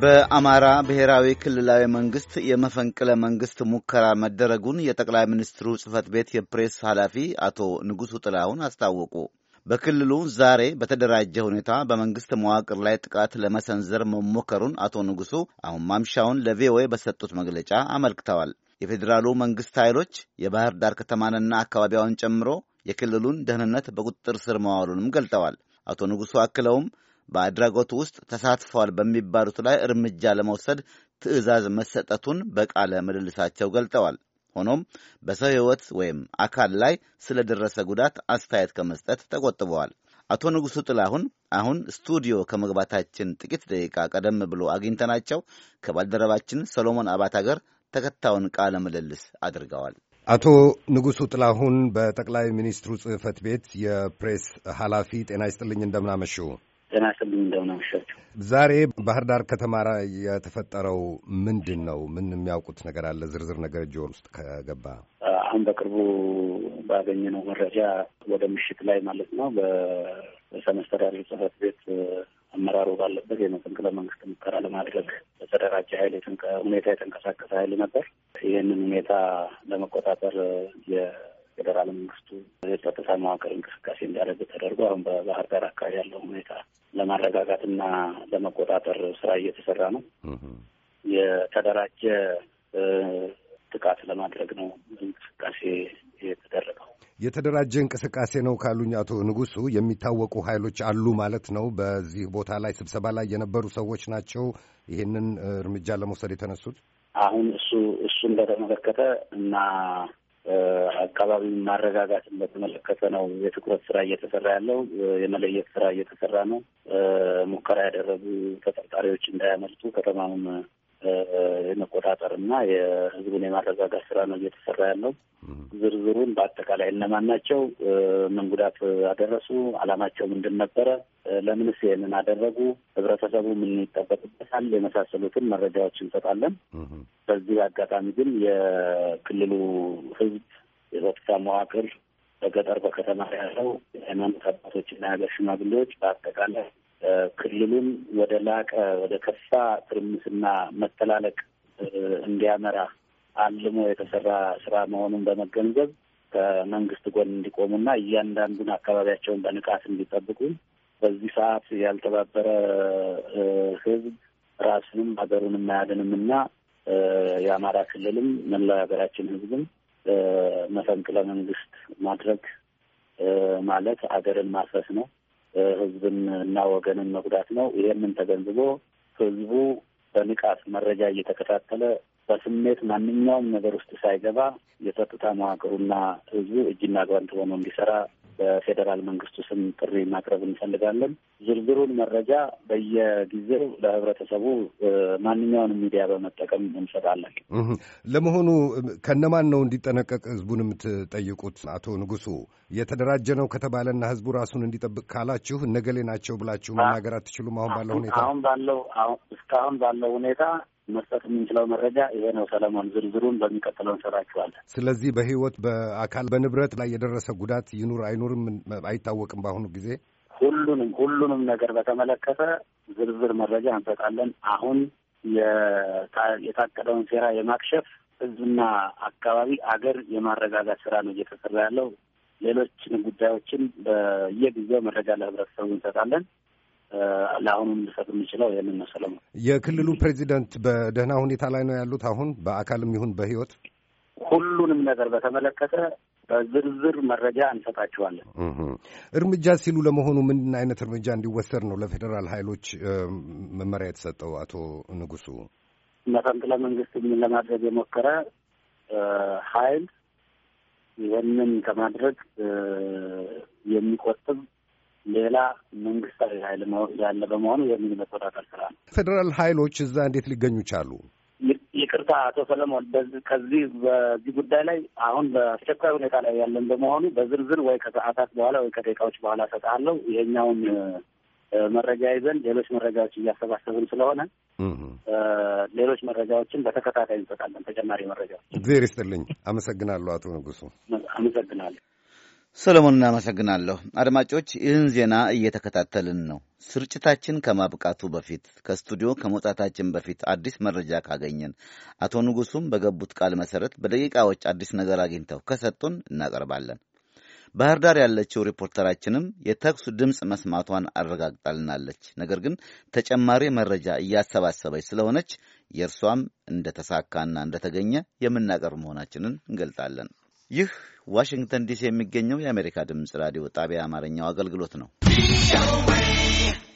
በአማራ ብሔራዊ ክልላዊ መንግስት የመፈንቅለ መንግስት ሙከራ መደረጉን የጠቅላይ ሚኒስትሩ ጽህፈት ቤት የፕሬስ ኃላፊ አቶ ንጉሱ ጥላሁን አስታወቁ። በክልሉ ዛሬ በተደራጀ ሁኔታ በመንግስት መዋቅር ላይ ጥቃት ለመሰንዘር መሞከሩን አቶ ንጉሱ አሁን ማምሻውን ለቪኦኤ በሰጡት መግለጫ አመልክተዋል። የፌዴራሉ መንግስት ኃይሎች የባህር ዳር ከተማንና አካባቢያውን ጨምሮ የክልሉን ደህንነት በቁጥጥር ስር መዋሉንም ገልጠዋል። አቶ ንጉሡ አክለውም በአድራጎቱ ውስጥ ተሳትፈዋል በሚባሉት ላይ እርምጃ ለመውሰድ ትዕዛዝ መሰጠቱን በቃለ ምልልሳቸው ገልጠዋል። ሆኖም በሰው ሕይወት ወይም አካል ላይ ስለደረሰ ጉዳት አስተያየት ከመስጠት ተቆጥበዋል። አቶ ንጉሡ ጥላሁን አሁን ስቱዲዮ ከመግባታችን ጥቂት ደቂቃ ቀደም ብሎ አግኝተናቸው ከባልደረባችን ሰሎሞን አባት አገር ተከታዩን ቃለ ምልልስ አድርገዋል። አቶ ንጉሱ ጥላሁን በጠቅላይ ሚኒስትሩ ጽህፈት ቤት የፕሬስ ኃላፊ፣ ጤና ይስጥልኝ። እንደምናመሹ። ጤና ይስጥልኝ። እንደምናመሻችሁ። ዛሬ ባህር ዳር ከተማ የተፈጠረው ምንድን ነው? ምን የሚያውቁት ነገር አለ? ዝርዝር ነገር እጅ ውስጥ ከገባ አሁን በቅርቡ ባገኘነው መረጃ ወደ ምሽት ላይ ማለት ነው በሰመስተዳድሩ ጽህፈት ቤት አመራሩ ባለበት የመፈንቅለ መንግስት ሙከራ ለማድረግ በተደራጀ ኃይል ሁኔታ የተንቀሳቀሰ ኃይል ነበር። ይህንን ሁኔታ ለመቆጣጠር የፌዴራል መንግስቱ የጸጥታ መዋቅር እንቅስቃሴ እንዲያደርግ ተደርጎ አሁን በባህር ዳር አካባቢ ያለው ሁኔታ ለማረጋጋትና ለመቆጣጠር ስራ እየተሰራ ነው። የተደራጀ ጥቃት ለማድረግ ነው እንቅስቃሴ የተደረገው። የተደራጀ እንቅስቃሴ ነው ካሉኝ አቶ ንጉሱ የሚታወቁ ኃይሎች አሉ ማለት ነው? በዚህ ቦታ ላይ ስብሰባ ላይ የነበሩ ሰዎች ናቸው ይህንን እርምጃ ለመውሰድ የተነሱት። አሁን እሱ እሱን በተመለከተ እና አካባቢውን ማረጋጋትን በተመለከተ ነው የትኩረት ስራ እየተሰራ ያለው። የመለየት ስራ እየተሰራ ነው። ሙከራ ያደረጉ ተጠርጣሪዎች እንዳያመልጡ ከተማውን የመቆጣጠር እና የህዝቡን የማረጋጋት ስራ ነው እየተሰራ ያለው። ዝርዝሩን በአጠቃላይ እነማን ናቸው፣ ምን ጉዳት አደረሱ፣ አላማቸው ምንድን ነበረ፣ ለምንስ ይህንን አደረጉ፣ ህብረተሰቡ ምን ይጠበቅበታል፣ የመሳሰሉትን መረጃዎች እንሰጣለን። በዚህ አጋጣሚ ግን የክልሉ ህዝብ የጸጥታ መዋቅር በገጠር በከተማ ያለው የሃይማኖት አባቶችና የሀገር ሽማግሌዎች በአጠቃላይ ክልሉን ወደ ላቀ ወደ ከፋ ትርምስና መተላለቅ እንዲያመራ አልሞ የተሰራ ስራ መሆኑን በመገንዘብ ከመንግስት ጎን እንዲቆሙና እያንዳንዱን አካባቢያቸውን በንቃት እንዲጠብቁ በዚህ ሰዓት ያልተባበረ ህዝብ ራሱንም ሀገሩንም አያድንም እና የአማራ ክልልም መላው ሀገራችን ህዝብም መፈንቅለ መንግስት ማድረግ ማለት ሀገርን ማፍረስ ነው። ህዝብን እና ወገንን መጉዳት ነው። ይሄንን ተገንዝቦ ህዝቡ በንቃት መረጃ እየተከታተለ በስሜት ማንኛውም ነገር ውስጥ ሳይገባ የጸጥታ መዋቅሩና ህዝቡ እጅና ጓንት ሆኖ እንዲሰራ በፌዴራል መንግስቱ ስም ጥሪ ማቅረብ እንፈልጋለን። ዝርዝሩን መረጃ በየጊዜው ለህብረተሰቡ ማንኛውንም ሚዲያ በመጠቀም እንሰጣለን። ለመሆኑ ከነማን ነው እንዲጠነቀቅ ህዝቡን የምትጠይቁት? አቶ ንጉሱ የተደራጀ ነው ከተባለና ህዝቡ ራሱን እንዲጠብቅ ካላችሁ እነገሌ ናቸው ብላችሁ መናገር አትችሉም? አሁን ባለው ሁኔታ አሁን ባለው እስካሁን ባለው ሁኔታ መስጠት የምንችለው መረጃ ይሄ ነው። ሰለሞን ዝርዝሩን በሚቀጥለው እንሰራችኋለን። ስለዚህ በህይወት በአካል በንብረት ላይ የደረሰ ጉዳት ይኑር አይኑርም አይታወቅም። በአሁኑ ጊዜ ሁሉንም ሁሉንም ነገር በተመለከተ ዝርዝር መረጃ እንሰጣለን። አሁን የታቀደውን ሴራ የማክሸፍ ህዝብና አካባቢ አገር የማረጋጋት ስራ ነው እየተሰራ ያለው። ሌሎችን ጉዳዮችን በየጊዜው መረጃ ለህብረተሰቡ እንሰጣለን። ለአሁኑ ልሰጥ የምችለው ይህንን ነው። የክልሉ ፕሬዚደንት በደህና ሁኔታ ላይ ነው ያሉት አሁን በአካልም ይሁን በህይወት? ሁሉንም ነገር በተመለከተ በዝርዝር መረጃ እንሰጣችኋለን። እርምጃ ሲሉ ለመሆኑ ምን አይነት እርምጃ እንዲወሰድ ነው ለፌዴራል ኃይሎች መመሪያ የተሰጠው? አቶ ንጉሱ፣ መፈንቅለ መንግስት ለማድረግ የሞከረ ኃይል ይህንን ከማድረግ የሚቆጥብ ሌላ መንግስታዊ ኃይል ያለ በመሆኑ የሚል መቆጣጠር ስራ ነው። ፌዴራል ኃይሎች እዛ እንዴት ሊገኙ ቻሉ? ይቅርታ አቶ ሰለሞን፣ ከዚህ በዚህ ጉዳይ ላይ አሁን በአስቸኳይ ሁኔታ ላይ ያለን በመሆኑ በዝርዝር ወይ ከሰዓታት በኋላ ወይ ከደቂቃዎች በኋላ ሰጣለው። ይሄኛውን መረጃ ይዘን ሌሎች መረጃዎች እያሰባሰብን ስለሆነ ሌሎች መረጃዎችን በተከታታይ እንሰጣለን። ተጨማሪ መረጃዎች። እግዜር ይስጥልኝ። አመሰግናለሁ አቶ ንጉሱ። አመሰግናለሁ። ሰለሞን፣ እናመሰግናለሁ። አድማጮች ይህን ዜና እየተከታተልን ነው። ስርጭታችን ከማብቃቱ በፊት ከስቱዲዮ ከመውጣታችን በፊት አዲስ መረጃ ካገኘን አቶ ንጉሱም በገቡት ቃል መሰረት በደቂቃዎች አዲስ ነገር አግኝተው ከሰጡን እናቀርባለን። ባህር ዳር ያለችው ሪፖርተራችንም የተኩስ ድምፅ መስማቷን አረጋግጣልናለች። ነገር ግን ተጨማሪ መረጃ እያሰባሰበች ስለሆነች የእርሷም እንደተሳካና እንደተገኘ የምናቀርብ መሆናችንን እንገልጣለን። ይህ ዋሽንግተን ዲሲ የሚገኘው የአሜሪካ ድምፅ ራዲዮ ጣቢያ አማርኛው አገልግሎት ነው።